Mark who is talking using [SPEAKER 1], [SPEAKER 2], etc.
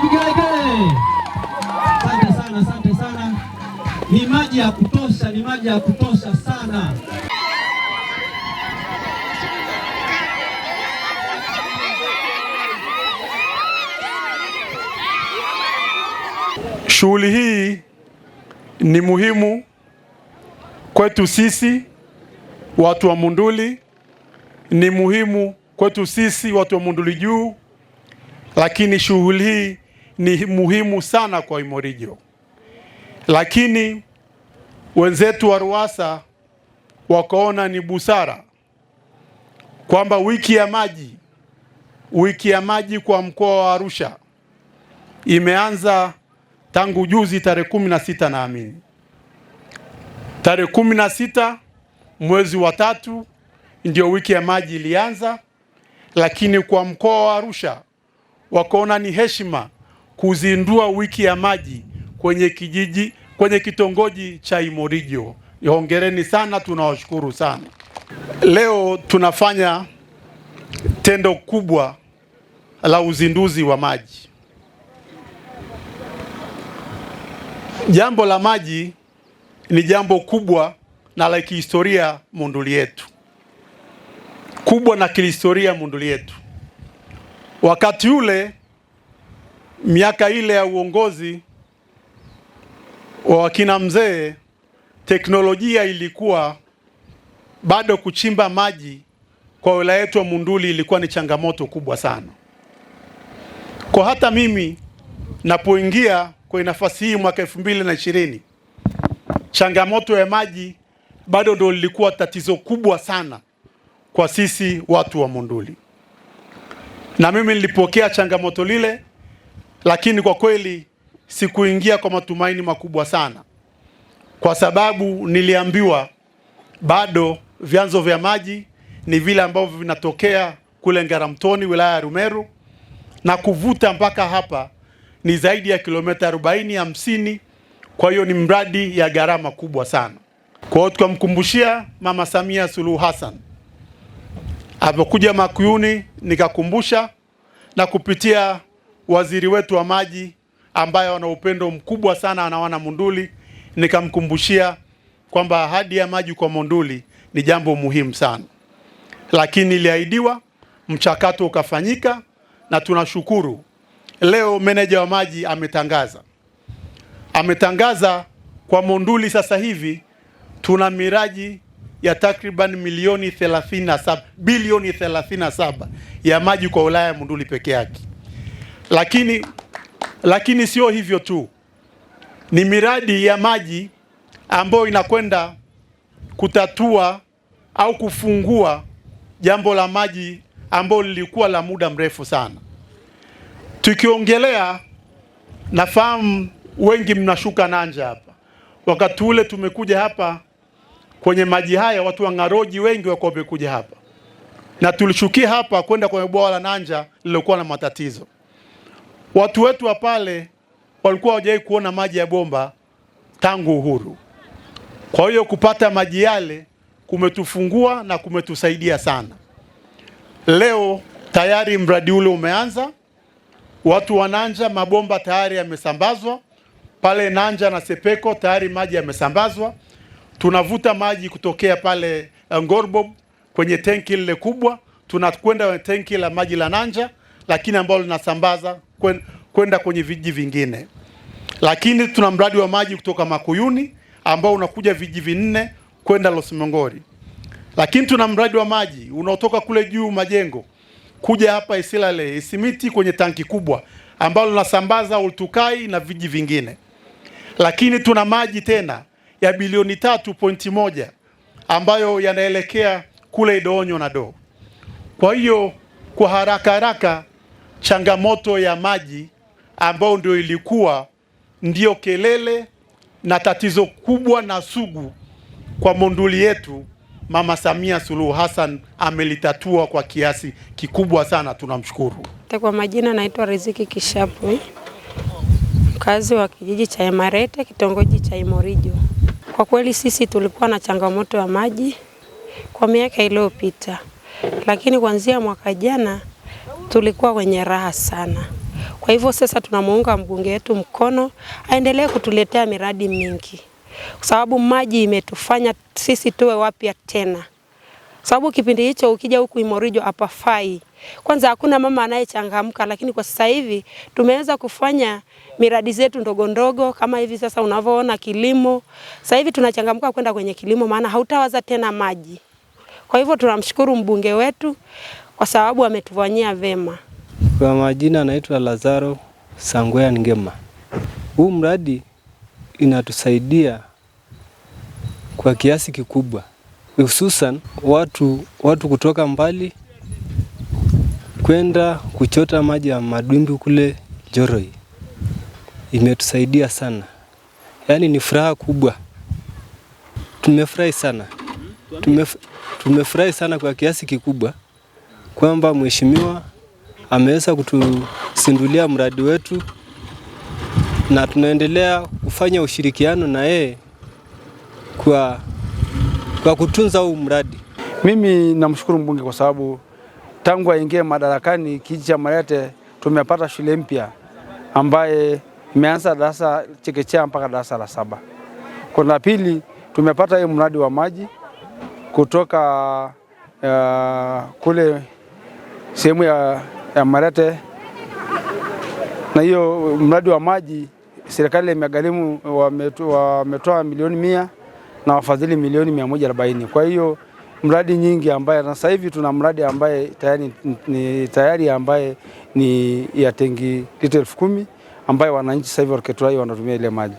[SPEAKER 1] Kigelegele. Asante sana, asante sana. Ni maji ya kutosha, ni maji ya kutosha sana. Shughuli hii ni muhimu kwetu sisi watu wa Munduli, ni muhimu kwetu sisi watu wa Munduli juu, lakini shughuli hii ni muhimu sana kwa Imorijo, lakini wenzetu wa Ruwasa wakaona ni busara kwamba wiki ya maji, wiki ya maji kwa mkoa wa Arusha imeanza tangu juzi tarehe kumi na sita naamini tarehe kumi na sita mwezi wa tatu ndio wiki ya maji ilianza, lakini kwa mkoa wa Arusha wakaona ni heshima kuzindua wiki ya maji kwenye kijiji kwenye kitongoji cha Imorijo. Hongereni sana, tunawashukuru sana. Leo tunafanya tendo kubwa la uzinduzi wa maji. Jambo la maji ni jambo kubwa na la kihistoria Monduli yetu, kubwa na kihistoria Monduli yetu. Wakati ule miaka ile ya uongozi wa wakina mzee, teknolojia ilikuwa bado, kuchimba maji kwa wilaya yetu ya Munduli ilikuwa ni changamoto kubwa sana. Kwa hata mimi napoingia kwenye nafasi hii mwaka elfu mbili na ishirini, changamoto ya maji bado ndio lilikuwa tatizo kubwa sana kwa sisi watu wa Munduli, na mimi nilipokea changamoto lile lakini kwa kweli sikuingia kwa matumaini makubwa sana, kwa sababu niliambiwa bado vyanzo vya maji ni vile ambavyo vinatokea kule Ngaramtoni wilaya ya Rumeru na kuvuta mpaka hapa ni zaidi ya kilomita 40 50. Kwa hiyo ni mradi ya gharama kubwa sana. Kwa hiyo tukamkumbushia Mama Samia Suluhu Hassan alipokuja Makuyuni, nikakumbusha na kupitia waziri wetu wa maji ambaye ana upendo mkubwa sana na wana Monduli, nikamkumbushia kwamba ahadi ya maji kwa Monduli ni jambo muhimu sana, lakini iliahidiwa, mchakato ukafanyika na tunashukuru leo meneja wa maji ametangaza ametangaza kwa Monduli sasa hivi tuna miraji ya takriban milioni 37 bilioni 37 ya maji kwa wilaya ya Monduli peke yake. Lakini, lakini sio hivyo tu, ni miradi ya maji ambayo inakwenda kutatua au kufungua jambo la maji ambalo lilikuwa la muda mrefu sana. Tukiongelea, nafahamu wengi mnashuka nanja hapa. Wakati ule tumekuja hapa kwenye maji haya, watu wa Ng'aroji wengi wako wamekuja hapa, na tulishukia hapa kwenda kwenye bwawa la Nanja lililokuwa na matatizo. Watu wetu wa pale walikuwa hawajawahi kuona maji ya bomba tangu uhuru. Kwa hiyo kupata maji yale kumetufungua na kumetusaidia sana. Leo tayari mradi ule umeanza, watu wa Nanja mabomba tayari yamesambazwa pale Nanja na Sepeko, tayari maji yamesambazwa. Tunavuta maji kutokea pale eh, Ngorbob kwenye tenki lile kubwa, tunakwenda kwenye tenki la maji la Nanja, lakini ambalo linasambaza kwenda kwenye vijiji vingine, lakini tuna mradi wa maji kutoka Makuyuni ambao unakuja vijiji vinne kwenda Mongori, lakini tuna mradi wa maji unaotoka kule juu majengo kuja hapa Isilale Isimiti kwenye tanki kubwa ambalo linasambaza Oltukai na vijiji vingine, lakini tuna maji tena ya bilioni tatu pointi moja ambayo yanaelekea kule Idoonyo na Doo. Kwa hiyo kwa haraka haraka changamoto ya maji ambayo ndio ilikuwa ndiyo kelele na tatizo kubwa na sugu kwa Monduli yetu. Mama Samia Suluhu Hassan amelitatua kwa kiasi kikubwa sana, tunamshukuru.
[SPEAKER 2] Kwa majina naitwa Riziki Kishapwe, mkazi wa kijiji cha Emarete, kitongoji cha Imorijo. Kwa kweli sisi tulikuwa na changamoto ya maji kwa miaka iliyopita, lakini kuanzia mwaka jana tulikuwa wenye raha sana. Kwa hivyo sasa tunamuunga mbunge wetu mkono aendelee kutuletea miradi mingi, kwa sababu maji imetufanya sisi tuwe wapya tena, sababu kipindi hicho ukija huku Imorijo hapafai. Kwanza hakuna mama anayechangamka, lakini kwa sasa hivi tumeweza kufanya miradi zetu ndogo ndogo kama hivi sasa unavyoona kilimo. Sasa hivi tunachangamka kwenda kwenye kilimo, maana hautawaza tena maji. Kwa hivyo tunamshukuru mbunge wetu kwa sababu ametufanyia vema.
[SPEAKER 3] Kwa majina anaitwa Lazaro Sangwea Ngema. Huu mradi inatusaidia kwa kiasi kikubwa, hususan watu, watu kutoka mbali kwenda kuchota maji ya madwimbi kule Joroi. Imetusaidia sana, yaani ni furaha kubwa, tumefurahi sana, tumefurahi sana kwa kiasi kikubwa kwamba mheshimiwa ameweza kutusindulia mradi wetu na tunaendelea kufanya ushirikiano na yeye kwa, kwa kutunza huu mradi.
[SPEAKER 4] Mimi namshukuru mbunge kwa sababu tangu aingie madarakani kijiji cha marete tumepata shule mpya ambaye imeanza darasa chekechea mpaka darasa la saba. Kwa pili tumepata hii mradi wa maji kutoka uh, kule sehemu ya, ya Marete na hiyo mradi wa maji serikali imegharimu, wametoa milioni mia na wafadhili milioni mia moja arobaini. Kwa hiyo mradi nyingi ambaye na sasa hivi tuna mradi ambaye tayari ni, tayari ambaye ni ya tengi lita elfu kumi ambayo wananchi sasa hivi wanatumia ile maji.